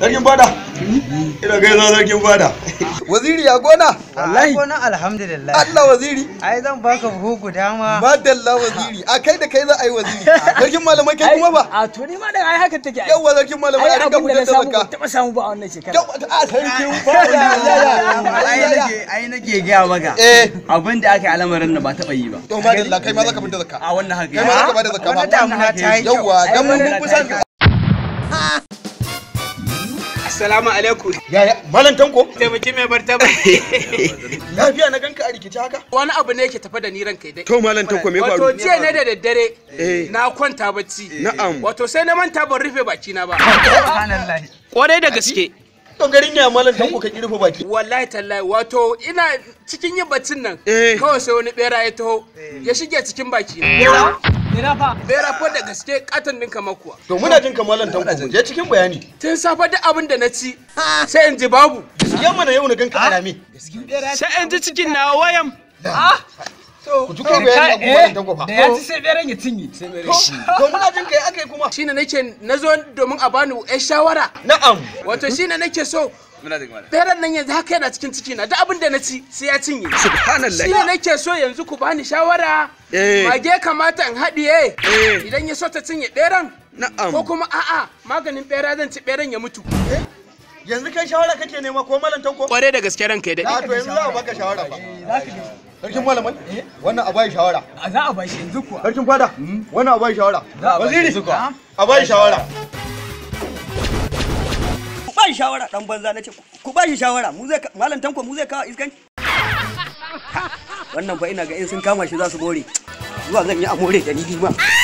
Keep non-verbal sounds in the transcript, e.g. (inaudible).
Sarkin fada. Ina gaisa sarkin fada. Waziri ya gona? Wallahi. Gona alhamdulillah. Allah waziri. Ai zan baka buhu guda ma. Madalla waziri. A kai da kai za a yi waziri. Sarkin malamai kai kuma ba. A to ni ma da ai haka take. ai Yawwa sarkin malamai a rinka fitar da zakka. Ai taba samu ba a wannan shekara. Yawwa a sarkin fada. Ai nake ai nake ga maka. Eh. Abin da aka yi al'amarin nan ba taba yi ba. To madalla kai ma zaka fitar zakka. A wannan haka. Kai ma zaka bada zakka ba. Yawwa dan mun kusa. Ha! Assalamu alaikum. Yaya malam tanko? Taimaki mai martaba. (laughs) Lafiya na ganka a rikici haka? Wani abu ne yake tafa da ni ranka dai. To malam tanko me faru? Wato jiya ne da daddare eh. na kwanta bacci. Na'am. Wato sai na manta ban rufe baki na ba. Subhanallah. Kwarai da gaske. To garin ya malam tanko ka rufe baki. Wallahi tallahi wato ina cikin yin baccin nan. Eh. Kawai sai wani bera ya taho ya shige cikin baki. Bera? Bera fa da gaske katon ɗinka makuwa. To muna jin kamalan tanko je cikin bayani. Tun safa da abin da na ci sai in ji babu. Gaskiya mana yau na ganka ah, alami. Sai in ji cikin na wayan. Ah, Ku ji kai bayani abubuwan eh, tanko fa. Da ya ci sai beran ya cinye. Sai beran shi. To muna jin kai akai kuma. Shine nake nazo domin a bani ƴan shawara. Na'am. Wato shine nake so Beran nan yanzu haka yana cikin ciki na duk abin da na ci sai ya cinye. Subhanallah. Shine nake so yanzu ku bani shawara. Eh. Mage kamata in haɗiye. Eh. Idan ya so ta cinye beran. Na'am. Ko kuma a'a maganin bera zan ci beran ya mutu. Eh, yanzu kai shawara kake nema ko malam tanko? Kware da gaske ranka dai. Na to yanzu za a baka shawara ba. Sarkin malamai? Wannan a bai shawara. Za a bai yanzu kuwa. Sarkin fada? Hmm. Wannan a bai shawara. Waziri? A bai shawara. shawara dan banza nace ce ku ba shi shawara mu zai malam tanko mu zai kawo iskan (laughs) wannan fa ina ga in sun kama shi za su gore zuwa zan yi amore da ni ma